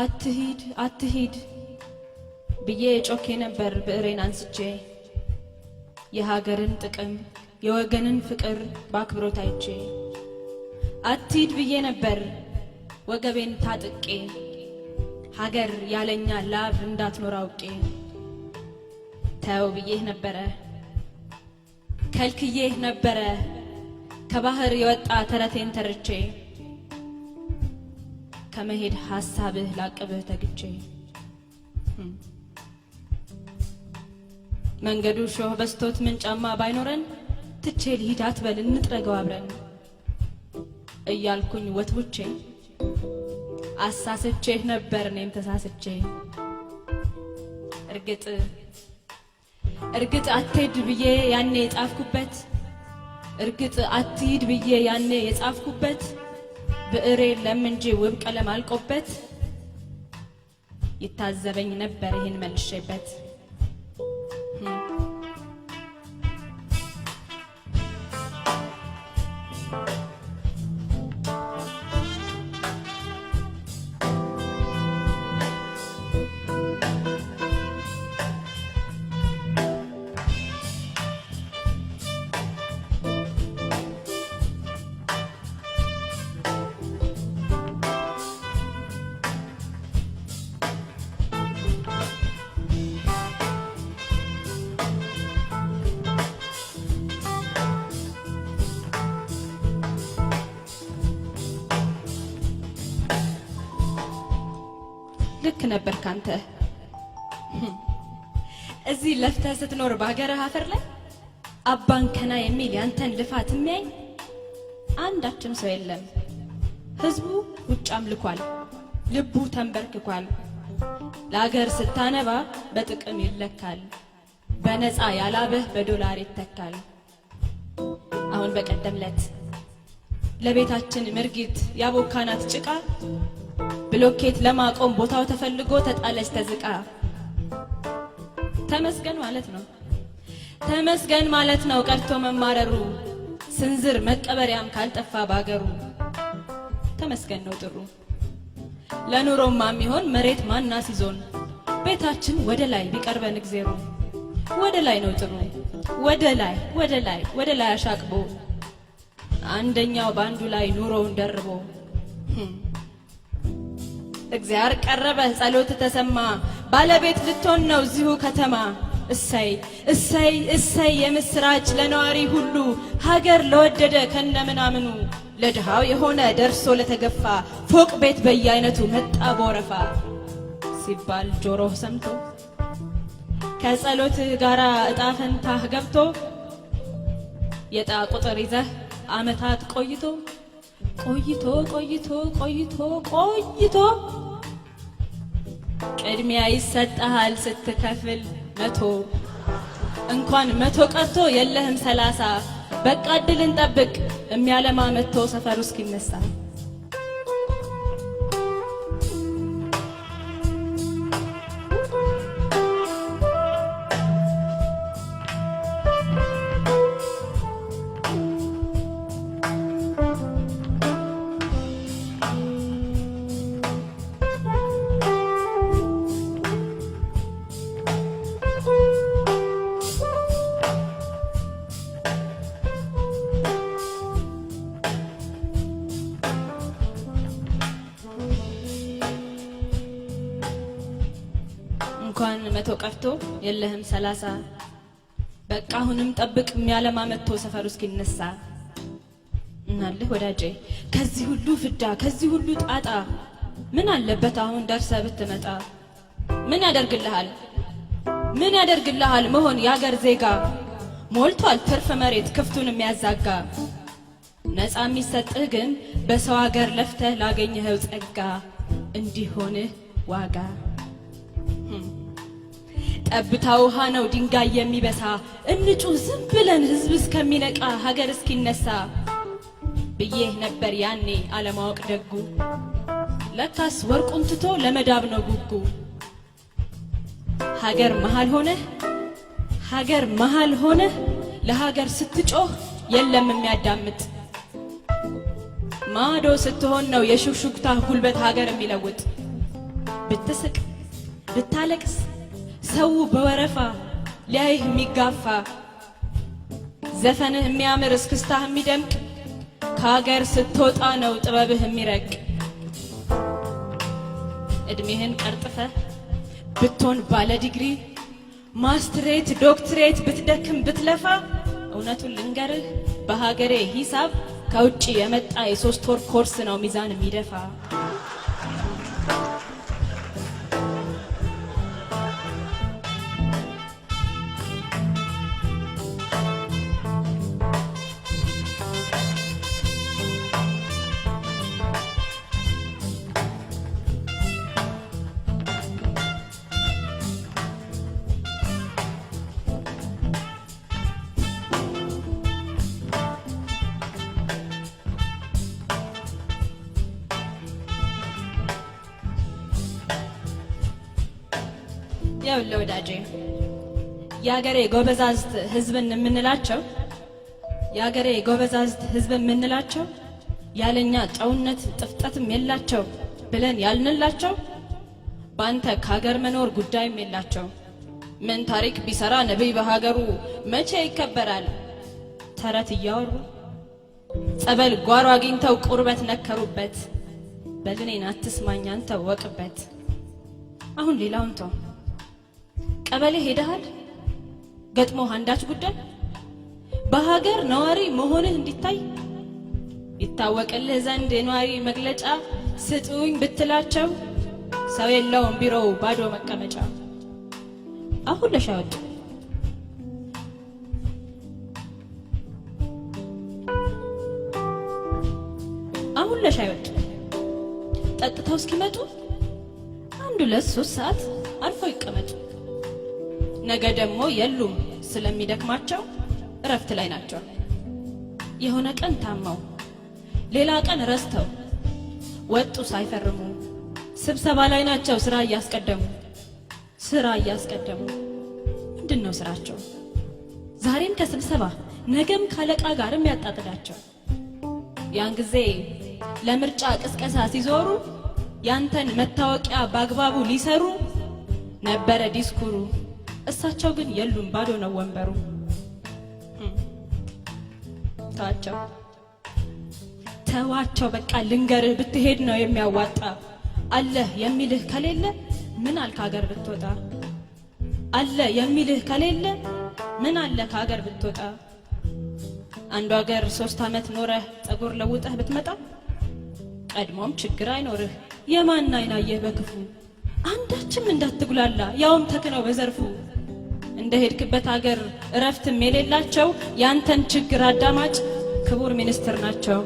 አትሂድ አትሂድ ብዬ ጮኬ ነበር ብዕሬን አንስቼ የሀገርን ጥቅም የወገንን ፍቅር በአክብሮት አይቼ አትሂድ ብዬ ነበር ወገቤን ታጥቄ ሀገር ያለኛ ላብ እንዳትኖር አውቄ ተው ብዬህ ነበረ ከልክዬህ ነበረ ከባህር የወጣ ተረቴን ተርቼ ከመሄድ ሀሳብህ ላቅብህ ተግቼ መንገዱ ሾህ በስቶት ምን ጫማ ባይኖረን ትቼ ልሂድ አትበል እንጥረገው አብረን እያልኩኝ ወትውቼ አሳስቼህ ነበር እኔም ተሳስቼ እርግጥ እርግጥ አትሄድ ብዬ ያኔ የጻፍኩበት እርግጥ አትሂድ ብዬ ያኔ የጻፍኩበት ብዕር የለም እንጂ ውብ ቀለም አልቆበት ይታዘበኝ ነበር ይህን መልሼበት Thank you. ልክ ነበር ካንተ እዚህ ለፍተህ ስትኖር በሀገርህ አፈር ላይ አባንከና የሚል ያንተን ልፋት የሚያይ አንዳችም ሰው የለም። ህዝቡ ውጭ አምልኳል፣ ልቡ ተንበርክኳል። ለአገር ስታነባ በጥቅም ይለካል፣ በነፃ ያላበህ በዶላር ይተካል። አሁን በቀደምለት ለቤታችን ምርጊት ያቦካናት ጭቃ ብሎኬት ለማቆም ቦታው ተፈልጎ ተጣለች ተዝቃ። ተመስገን ማለት ነው። ተመስገን ማለት ነው ቀርቶ መማረሩ ስንዝር መቀበሪያም ካልጠፋ ባገሩ ተመስገን ነው ጥሩ ለኑሮማ የሚሆን መሬት ማና ሲዞን ቤታችን ወደ ላይ ቢቀርበን እግዜሩ ወደ ላይ ነው ጥሩ ወደ ላይ ወደ ላይ ወደ ላይ አሻቅቦ አንደኛው በአንዱ ላይ ኑሮውን ደርቦ እግዚአብሔር ቀረበ፣ ጸሎት ተሰማ፣ ባለቤት ልትሆን ነው እዚሁ ከተማ። እሰይ እሰይ እሰይ የምስራች ለነዋሪ ሁሉ ሀገር ለወደደ ከነ ምናምኑ ለድሃው የሆነ ደርሶ ለተገፋ ፎቅ ቤት በየአይነቱ መጣ በወረፋ ሲባል ጆሮህ ሰምቶ ከጸሎትህ ጋር እጣ ፈንታህ ገብቶ የጣ ቁጥር ይዘህ አመታት ቆይቶ ቆይቶ ቆይቶ ቆይቶ ቆይቶ ቅድሚያ ይሰጠሃል ስትከፍል መቶ እንኳን መቶ ቀርቶ የለህም ሰላሳ በቃ እድልን ጠብቅ የሚያለማ መጥቶ ሰፈሩ እስኪነሳ እንኳን መቶ ቀርቶ የለህም ሰላሳ በቃ አሁንም ጠብቅ የሚያለማ መጥቶ ሰፈሩ እስኪነሳ እናልህ ወዳጄ ከዚህ ሁሉ ፍዳ ከዚህ ሁሉ ጣጣ ምን አለበት አሁን ደርሰ ብትመጣ ምን ያደርግልሃል ምን ያደርግልሃል መሆን የአገር ዜጋ ሞልቷል ትርፍ መሬት ክፍቱን የሚያዛጋ ነፃ የሚሰጥህ ግን በሰው አገር ለፍተህ ላገኘኸው ጸጋ እንዲሆንህ ዋጋ ጠብታ ውሃ ነው ድንጋይ የሚበሳ እንጩ ዝም ብለን ህዝብ እስከሚነቃ ሀገር እስኪነሳ ብዬ ነበር ያኔ አለማወቅ ደጉ ለካስ ወርቁን ትቶ ለመዳብ ነው ጉጉ ሀገር መሃል ሆነ ሀገር መሃል ሆነ ለሀገር ስትጮህ የለም የሚያዳምጥ ማዶ ስትሆን ነው የሹክሹክታ ጉልበት ሀገር የሚለውጥ ብትስቅ ብታለቅስ ሰው በወረፋ ሊያይህ የሚጋፋ ዘፈንህ የሚያምር እስክስታህ የሚደምቅ ከሀገር ስትወጣ ነው ጥበብህ የሚረቅ እድሜህን ቀርጥፈ ብትሆን ባለ ዲግሪ ማስትሬት ዶክትሬት ብትደክም ብትለፋ እውነቱን ልንገርህ በሀገሬ ሂሳብ ከውጭ የመጣ የሶስት ወር ኮርስ ነው ሚዛን የሚደፋ ይኸውልህ ወዳጄ የሀገሬ ጎበዛዝት ህዝብን የምንላቸው የሀገሬ ጎበዛዝት ህዝብን የምንላቸው ያለኛ ጨውነት ጥፍጠትም የላቸው ብለን ያልንላቸው በአንተ ከሀገር መኖር ጉዳይም የላቸው። ምን ታሪክ ቢሰራ ነቢይ በሀገሩ መቼ ይከበራል? ተረት እያወሩ ጸበል ጓሮ አግኝተው ቁርበት ነከሩበት። በግኔን አትስማኝ አንተ ወቅበት። አሁን ሌላውን ተው። ቀበሌ ሄደሃል? ገጥሞህ አንዳች ጉዳይ በሀገር ነዋሪ መሆንህ እንዲታይ ይታወቅልህ ዘንድ የነዋሪ መግለጫ ስጡኝ ብትላቸው ሰው የለውም ቢሮው ባዶ መቀመጫ። አሁን ለሻወጡ አሁን ለሻይ ወጡ ጠጥተው እስኪመጡ አንዱ ለሶስት ሶስት ሰዓት አርፈው ይቀመጡ። ነገ ደግሞ የሉም ስለሚደክማቸው እረፍት ላይ ናቸው። የሆነ ቀን ታመው፣ ሌላ ቀን ረስተው ወጡ ሳይፈርሙ፣ ስብሰባ ላይ ናቸው ስራ እያስቀደሙ ስራ እያስቀደሙ። ምንድን ነው ስራቸው? ዛሬም ከስብሰባ ነገም ካለቃ ጋርም ያጣጥዳቸው። ያን ጊዜ ለምርጫ ቅስቀሳ ሲዞሩ ያንተን መታወቂያ በአግባቡ ሊሰሩ ነበረ ዲስኩሩ። እሳቸው ግን የሉም፣ ባዶ ነው ወንበሩ። ተዋቸው ተዋቸው፣ በቃ ልንገርህ፣ ብትሄድ ነው የሚያዋጣ። አለህ የሚልህ ከሌለ ምን አል ሀገር ብትወጣ? አለ የሚልህ ከሌለ ምን አለ ከሀገር ብትወጣ? አንዱ ሀገር ሶስት ዓመት ኖረህ ጸጉር ለውጠህ ብትመጣ ቀድሞም ችግር አይኖርህ። የማን አይናየህ በክፉ አንዳችም እንዳትጉላላ ያውም ተክነው በዘርፉ እንደሄድክበት ሀገር እረፍትም የሌላቸው ያንተን ችግር አዳማጭ ክቡር ሚኒስትር ናቸው።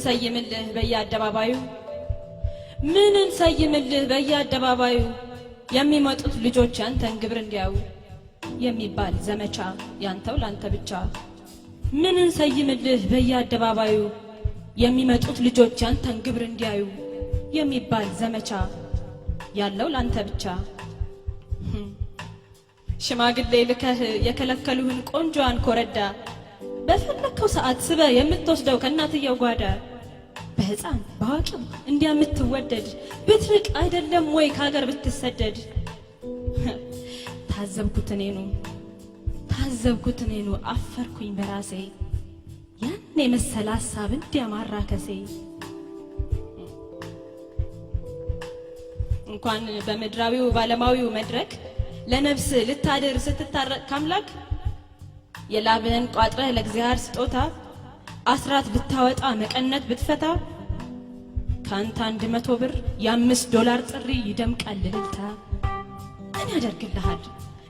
እንሰይምልህ በየአደባባዩ ምን እንሰይምልህ በየአደባባዩ የሚመጡት ልጆች ያንተን ግብር እንዲያዩ የሚባል ዘመቻ ያንተው ላንተ ብቻ ምን እንሰይምልህ በየአደባባዩ የሚመጡት ልጆች ያንተን ግብር እንዲያዩ የሚባል ዘመቻ ያለው ላንተ ብቻ ሽማግሌ ልከህ የከለከሉህን ቆንጆዋን ኮረዳ በፈለከው ሰዓት ስበ የምትወስደው ከእናትየው ጓዳ በሕፃን በአዋቂም እንዲያ የምትወደድ ብትርቅ አይደለም ወይ ከሀገር ብትሰደድ። ታዘብኩት እኔኑ ታዘብኩት እኔኑ አፈርኩኝ በራሴ ያን የመሰለ ሀሳብ እንዲያ ማራከሴ እንኳን በምድራዊው ባለማዊው መድረክ ለነፍስ ልታድር ስትታረቅ ካምላክ የላብህን ቋጥረህ ለእግዚአብሔር ስጦታ አስራት ብታወጣ መቀነት ብትፈታ ከአንተ አንድ መቶ ብር የአምስት ዶላር ጥሪ ይደምቃል እልልታ። ምን ያደርግልሃል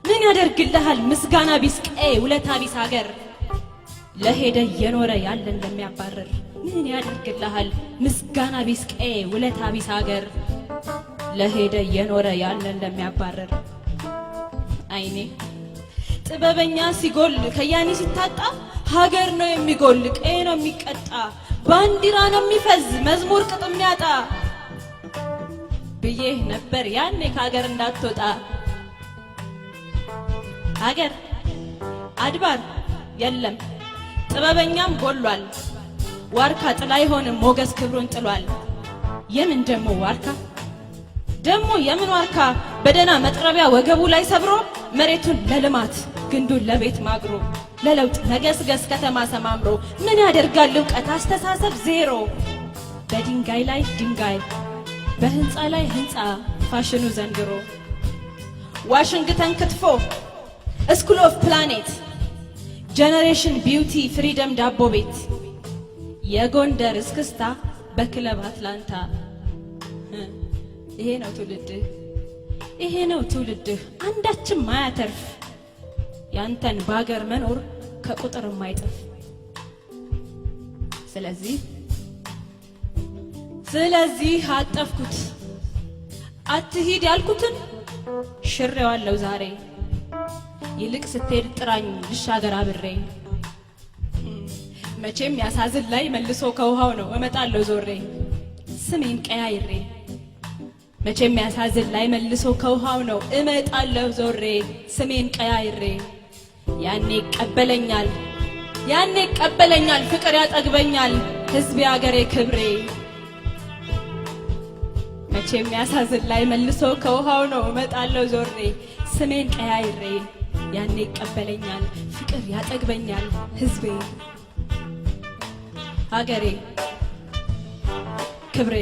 ምን ያደርግልሃል ምስጋና ቢስ ቀዬ ውለታ ቢስ ሀገር ለሄደ እየኖረ ያለን ለሚያባረር ምን ያደርግልሃል ምስጋና ቢስ ቀዬ ውለታ ቢስ ሀገር ለሄደ እየኖረ ያለን ለሚያባረር አይኔ ጥበበኛ ሲጎል ከያኒ ሲታጣ ሀገር ነው የሚጎል፣ ቀዬ ነው የሚቀጣ፣ ባንዲራ ነው የሚፈዝ፣ መዝሙር ቅጥ የሚያጣ ብዬ ነበር ያኔ ከሀገር እንዳትወጣ። ሀገር አድባር የለም ጥበበኛም ጎሏል፣ ዋርካ ጥላ አይሆንም ሞገስ ክብሩን ጥሏል። የምን ደሞ ዋርካ ደሞ የምን ዋርካ በደና መጥረቢያ ወገቡ ላይ ሰብሮ መሬቱን ለልማት ግንዱን ለቤት ማግሮ ለለውጥ መገስገስ ከተማ ሰማምሮ ምን ያደርጋል እውቀት አስተሳሰብ ዜሮ። በድንጋይ ላይ ድንጋይ በህንፃ ላይ ህንፃ ፋሽኑ ዘንድሮ ዋሽንግተን ክትፎ ስኩል ኦፍ ፕላኔት ጀነሬሽን ቢዩቲ ፍሪደም ዳቦ ቤት የጎንደር እስክስታ በክለብ አትላንታ። ይሄ ነው ትውልድህ፣ ይሄ ነው ትውልድህ አንዳችም ማያተርፍ ያንተን በሀገር መኖር ከቁጥር የማይጠፍ ስለዚህ ስለዚህ አጠፍኩት አትሂድ ያልኩትን ሽሬዋለሁ ዛሬ ይልቅ ስትሄድ ጥራኝ ልሻገር አብሬ መቼም ያሳዝን ላይ መልሶ ከውሃው ነው እመጣለሁ ዞሬ ስሜን ቀያይሬ መቼም ያሳዝን ላይ መልሶ ከውሃው ነው እመጣለሁ ዞሬ ስሜን ቀያይሬ ያኔ ይቀበለኛል፣ ያኔ ይቀበለኛል፣ ፍቅር ያጠግበኛል፣ ህዝቤ አገሬ ክብሬ። መቼ የሚያሳዝን ላይ መልሶ ከውሃው ነው እመጣለሁ ዞሬ ስሜን ቀያይሬ። ያኔ ይቀበለኛል፣ ፍቅር ያጠግበኛል፣ ህዝቤ አገሬ ክብሬ